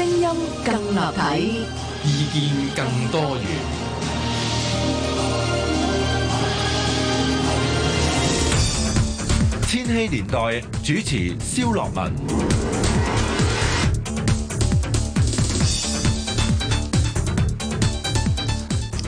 聲音更立體，意見更多元。千禧年代主持蕭樂文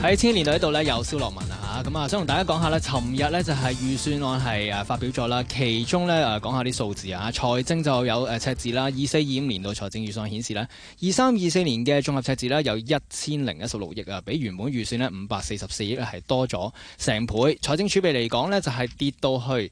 喺千禧年代呢度呢，有蕭樂文。咁啊，想同大家講下咧，尋日咧就係預算案係誒發表咗啦，其中咧誒講下啲數字啊，財政就有誒赤字啦，二四二五年度財政預算案顯示咧，二三二四年嘅綜合赤字咧有一千零一十六億啊，比原本預算咧五百四十四億咧係多咗成倍，財政儲備嚟講咧就係跌到去誒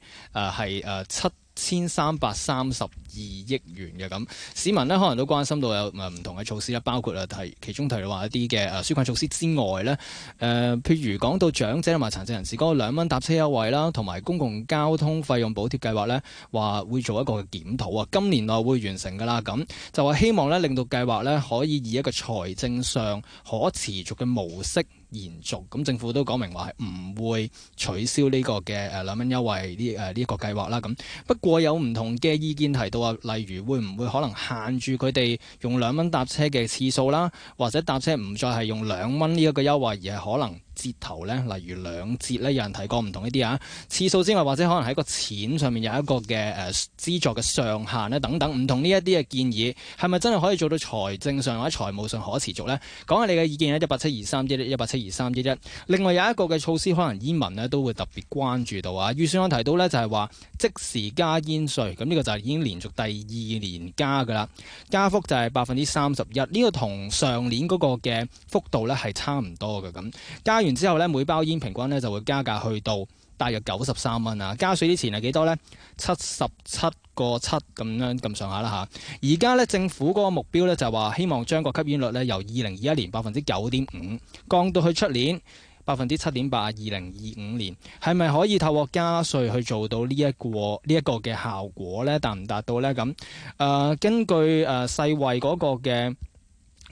係誒七，呃千三百三十二億元嘅，咁市民呢可能都關心到有唔同嘅措施啦，包括啊提其中提到話一啲嘅誒紓困措施之外呢。誒、呃、譬如講到長者同埋殘疾人士嗰兩蚊搭車優惠啦，同埋公共交通費用補貼計劃呢，話會做一個檢討啊，今年內會完成㗎啦。咁就話希望呢令到計劃呢可以以一個財政上可持續嘅模式。延續，咁政府都講明話係唔會取消呢個嘅誒兩蚊優惠呢，誒呢一個計劃啦。咁不過有唔同嘅意見提到啊，例如會唔會可能限住佢哋用兩蚊搭車嘅次數啦，或者搭車唔再係用兩蚊呢一個優惠，而係可能。折頭呢，例如兩折呢，有人提過唔同呢啲啊次數之外，或者可能喺個錢上面有一個嘅誒資助嘅上限呢，等等，唔同呢一啲嘅建議，係咪真係可以做到財政上或者財務上可持續呢？講下你嘅意見啦！一八七二三一一，一八七二三一一。另外有一個嘅措施，可能煙民呢都會特別關注到啊。預算案提到呢，就係話即時加煙稅，咁呢個就係已經連續第二年加㗎啦，加幅就係百分之三十一，呢個同上年嗰個嘅幅度呢係差唔多嘅咁加完。然之後咧，每包煙平均咧就會加價去到大約九十三蚊啊！加稅之前係幾多呢？七十七個七咁樣咁上下啦嚇。而家咧政府嗰個目標咧就係話希望將個吸煙率咧由二零二一年百分之九點五降到去出年百分之七點八。二零二五年係咪可以透過加稅去做到呢一個呢一個嘅效果咧？達唔達到咧？咁誒根據誒世衞嗰個嘅。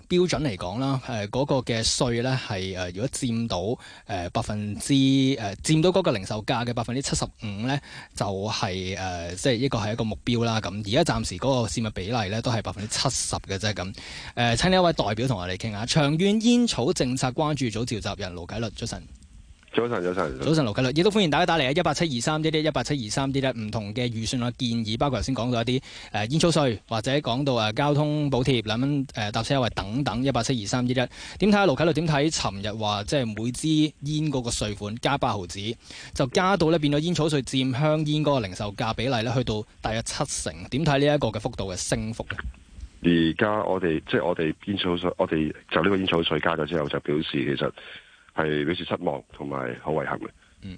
標準嚟講啦，誒、呃、嗰、那個嘅稅咧係誒如果佔到誒百分之誒佔到嗰個零售價嘅百分之七十五咧，就係、是、誒、呃、即係一個係一個目標啦。咁而家暫時嗰個佔嘅比例咧都係百分之七十嘅啫。咁誒、呃，請呢一位代表同我哋傾下。長遠煙草政策關注組召集人盧啟律早晨。早晨，早晨。早晨，盧啟律，亦都歡迎大家打嚟啊！一八七二三一一，一八七二三一一，唔同嘅預算啊建議，包括頭先講到一啲誒煙草稅，或者講到誒交通補貼，兩蚊誒、呃、搭車優惠等等，一八七二三一一。點睇啊？盧啟律，點睇？尋日話即係每支煙嗰個稅款加八毫子，就加到咧變咗煙草稅占香煙嗰個零售價，價比例咧，去到大約七成。點睇呢一個嘅幅度嘅升幅咧？而家我哋即係我哋煙草稅，我哋就呢個煙草稅加咗之後，就表示其實。係表示失望同埋好遺憾嘅。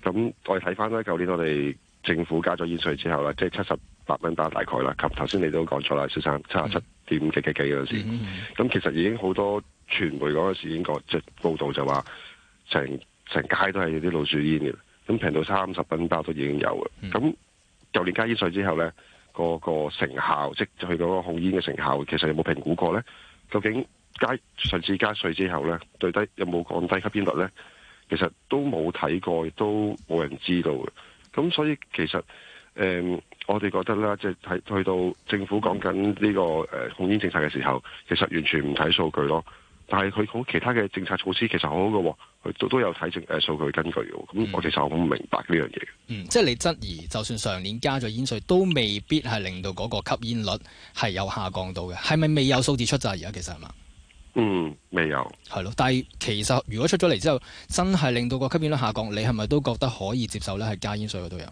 咁、嗯、我哋睇翻咧，舊年我哋政府加咗煙稅之後咧，即係七十八蚊包大概啦。及頭先你都講錯啦，小生七十七點幾隻嘅機嗰時。咁、嗯、其實已經好多傳媒嗰陣時已經講即係報道就話，成成街都係啲老鼠煙嘅。咁平到三十蚊包都已經有嘅。咁舊、嗯、年加煙稅之後咧，嗰個、嗰個成效即去到嗰個控煙嘅成效，其實有冇評估過咧？究竟？加上次加稅之後咧，到底有冇降低吸煙率咧？其實都冇睇過，亦都冇人知道嘅。咁所以其實誒、嗯，我哋覺得咧，即係睇去到政府講緊呢個誒、呃、控煙政策嘅時候，其實完全唔睇數據咯。但係佢好其他嘅政策措施其實好好嘅，佢都有睇證誒數據根據嘅。咁我其實我好唔明白呢樣嘢。嗯，即係你質疑，就算上年加咗煙稅，都未必係令到嗰個吸煙率係有下降到嘅。係咪未有數字出？咋而家其實係嘛？嗯，未有係咯。但係其實如果出咗嚟之後，真係令到個吸煙率下降，你係咪都覺得可以接受咧？係加煙稅嘅都有。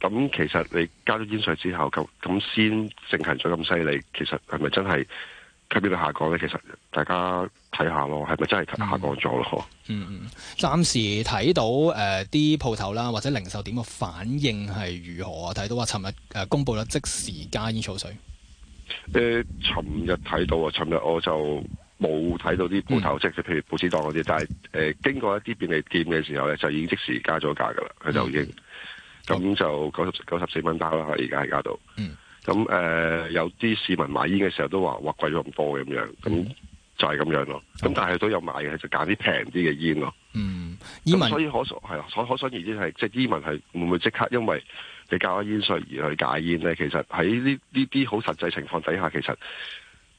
咁其實你加咗煙稅之後，咁咁先盛行咗咁犀利，其實係咪真係吸煙率下降咧？其實大家睇下咯，係咪真係下降咗咯？嗬。嗯嗯，暫時睇到誒、啲、呃、鋪頭啦或者零售點嘅反應係如何啊？睇到話尋、呃、日、呃、公布咗即時加煙草稅。誒、呃，尋日睇到啊，尋日我就。冇睇到啲鋪頭即係譬如報紙檔嗰啲，但係誒、呃、經過一啲便利店嘅時候咧，就已經即時加咗價噶啦，佢就、嗯、已經咁就九十九十四蚊包啦，而家加到咁。咁誒有啲市民買煙嘅時候都話：哇，貴咗咁多咁樣，咁、嗯、就係咁樣咯。咁、嗯、但係都有買嘅，就揀啲平啲嘅煙咯。嗯，所以可係可想而知，係即係煙民係會唔會即刻因為你加咗煙稅而去戒煙咧？其實喺呢呢啲好實際情況底下，其實。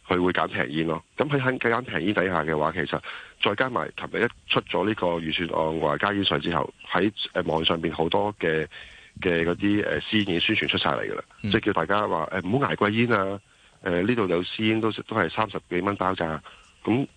佢會揀平煙咯，咁喺喺揀平煙底下嘅話，其實再加埋琴日一出咗呢個預算案話加煙稅之後，喺誒網上邊好多嘅嘅嗰啲誒私煙宣傳出晒嚟㗎啦，嗯、即係叫大家話誒唔好捱貴煙啊！誒呢度有私煙都都係三十幾蚊包咋，咁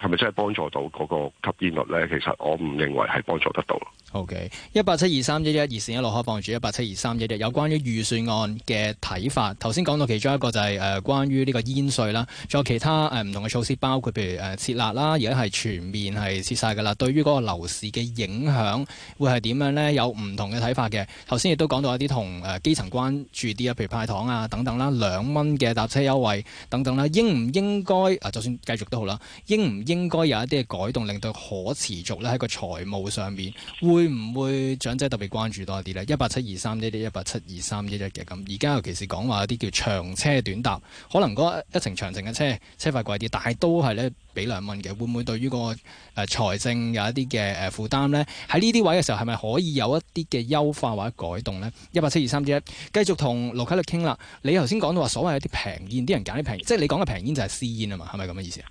係咪真係幫助到嗰個吸煙率咧？其實我唔認為係幫助得到。O.K. 一八七二三一一二線一路開放住一八七二三一一，2, 11, 有關於預算案嘅睇法。頭先講到其中一個就係、是、誒、呃、關於呢個煙稅啦，仲有其他誒唔、呃、同嘅措施，包括譬如誒撤辣啦，而家係全面係撤晒㗎喇。對於嗰個樓市嘅影響會係點樣呢？有唔同嘅睇法嘅。頭先亦都講到一啲同誒基層關注啲啊，譬如派糖啊等等啦，兩蚊嘅搭車優惠等等啦，應唔應該啊？就算繼續都好啦，應唔應該有一啲嘅改動，令到可持續咧喺個財務上面會？會唔會長者特別關注多啲咧？一八七二三一一一八七二三一一嘅咁，而家尤其是講話一啲叫長車短搭，可能嗰一程長程嘅車車費貴啲，但係都係咧畀兩蚊嘅，會唔會對於個誒財政有一啲嘅誒負擔咧？喺呢啲位嘅時候，係咪可以有一啲嘅優化或者改動咧？一八七二三一一繼續同盧啟律傾啦。你頭先講到話所謂一啲平煙，啲人揀啲平，即係你講嘅平煙就係私煙啊嘛，係咪咁嘅意思啊？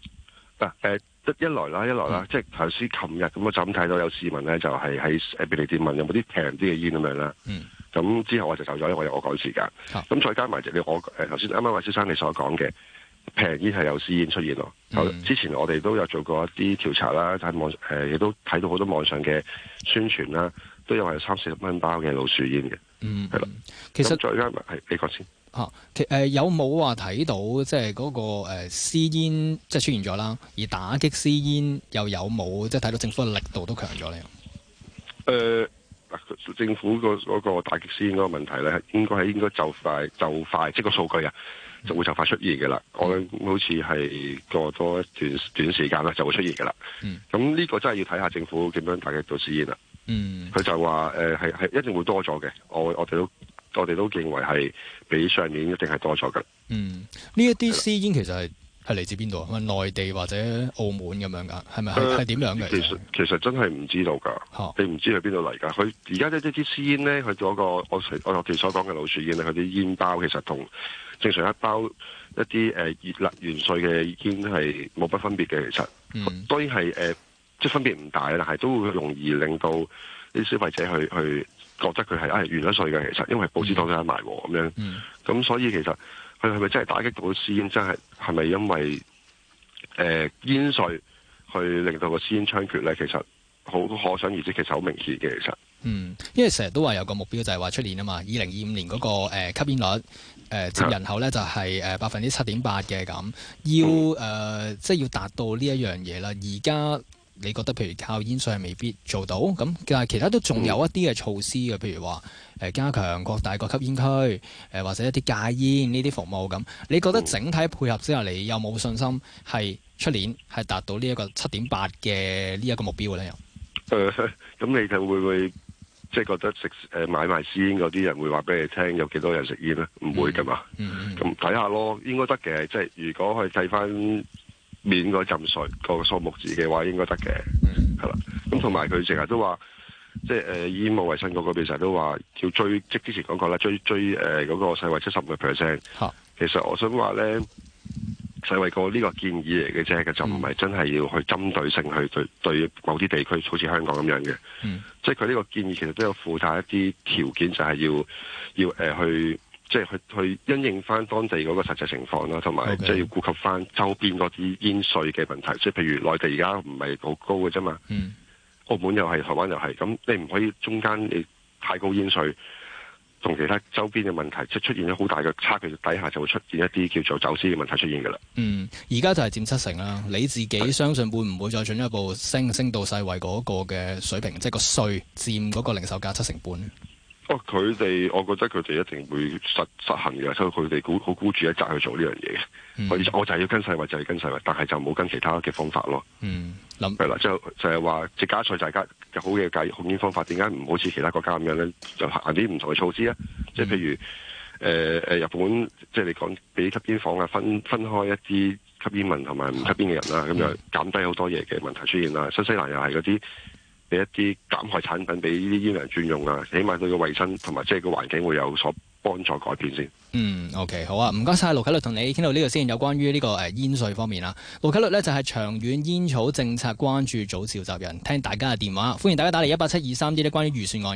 嗱誒、嗯。嗯。一來啦，一來啦，嗯、即係頭先琴日咁，我就咁睇到有市民咧，就係、是、喺、啊、便利店問有冇啲平啲嘅煙咁樣啦。嗯。咁之後我就走咗，我有我趕時間。咁、啊、再加埋即係我誒頭先啱啱魏先生你所講嘅平煙係有私煙出現咯。嗯、之前我哋都有做過一啲調查啦，喺網誒亦、呃、都睇到好多網上嘅宣傳啦，都有係三四十蚊包嘅老鼠煙嘅。嗯。咯。其實再加埋係你講先。吓，誒、啊、有冇話睇到即係嗰、那個誒、呃、私煙即係出現咗啦？而打擊私煙又有冇即係睇到政府嘅力度都強咗咧？誒、呃，政府個嗰個打擊私煙嗰個問題咧，應該係應該就快就快，即係、就是、個數據啊，就會就快出現嘅啦。嗯、我諗好似係過咗一段短時間咧，就會出現嘅啦。咁呢、嗯、個真係要睇下政府點樣打擊到私煙啦。嗯，佢就話誒係係一定會多咗嘅。我我睇到。我哋都認為係比上年一定係多咗嘅。嗯，呢一啲私煙其實係係嚟自邊度啊？係內地或者澳門咁樣噶，係咪係點樣嘅？其實其實真係唔知道噶，哦、你唔知係邊度嚟噶。佢而家一啲啲私煙咧，佢嗰、那個我我哋所講嘅老鼠煙咧，佢啲煙包其實同正常一包一啲誒熱辣完稅嘅煙係冇乜分別嘅。其實當然係誒，即係、嗯呃、分別唔大，但係都會容易令到，啲消費者去去覺得佢係唉完咗稅嘅，其實因為保鮮袋真係賣喎，咁樣咁、嗯、所以其實佢係咪真係打擊到私煙？真係係咪因為誒、呃、煙稅去令到個私煙猖獗咧？其實好可想而知，其實好明顯嘅其實。嗯，因為成日都話有個目標就係話出年啊嘛，二零二五年嗰、那個、呃、吸煙率誒、呃、接人口咧就係誒百分之七點八嘅咁，要誒即係要達到呢一樣嘢啦，而家。你覺得譬如靠煙稅係未必做到，咁但係其他都仲有一啲嘅措施嘅，嗯、譬如話誒加強擴大個吸煙區，誒或者一啲戒煙呢啲服務咁。你覺得整體配合之下，你有冇信心係出年係達到呢一個七點八嘅呢一個目標咧？又誒、嗯，咁、嗯、你就會唔會即係覺得食誒買賣私煙嗰啲人會話俾你聽有幾多人食煙咧？唔會㗎嘛，咁睇、嗯、下咯，應該得嘅。即係如果去計翻。免個浸水個數目字嘅話應該得嘅，係啦、嗯。咁同埋佢成日都話，即係誒醫務衞生局嗰邊成日都話要追，即之前講過啦，追追誒嗰、呃那個世衞七十個 percent。啊、其實我想話咧，世衞個呢個建議嚟嘅啫，佢就唔係真係要去針對性去對對，對某啲地區，好似香港咁樣嘅。即係佢呢個建議其實都有附帶一啲條件，就係、是、要要誒、呃、去。即係去去因應翻當地嗰個實際情況啦，同埋即係要顧及翻周邊嗰啲煙稅嘅問題。即係，譬如內地而家唔係好高嘅啫嘛。嗯，澳門又係，台灣又係，咁你唔可以中間你太高煙稅，同其他周邊嘅問題即係出現咗好大嘅差距底下，就會出現一啲叫做走私嘅問題出現嘅啦。嗯，而家就係佔七成啦。你自己相信會唔會再進一步升升到世衛嗰個嘅水平，即係個稅佔嗰個零售價七成半？哦，佢哋，我覺得佢哋一定會實實行嘅，所以佢哋好好孤注一擲去做呢樣嘢，我就係要跟世衛，就係、是、跟世衛，但係就冇跟其他嘅方法咯。嗯，諗係啦，即係就係話即加稅大家加，好嘅隔控煙方法，點解唔好似其他國家咁樣咧，就行啲唔同嘅措施咧？嗯、即係譬如誒誒、呃、日本，即係你講俾吸煙房啊，分分開一啲吸煙民同埋唔吸煙嘅人啦，咁、嗯嗯、樣減低好多嘢嘅問題出現啦。新西蘭又係嗰啲。俾一啲減害產品俾呢啲煙民專用啊，起碼佢嘅衞生同埋即係個環境會有所幫助改變先。嗯，OK，好啊，唔該晒。盧啟律同你傾到呢度先，有關於呢個誒煙稅方面啦。盧啟律咧就係、是、長遠煙草政策關注組召集人，聽大家嘅電話，歡迎大家打嚟一八七二三啲呢關於預算案。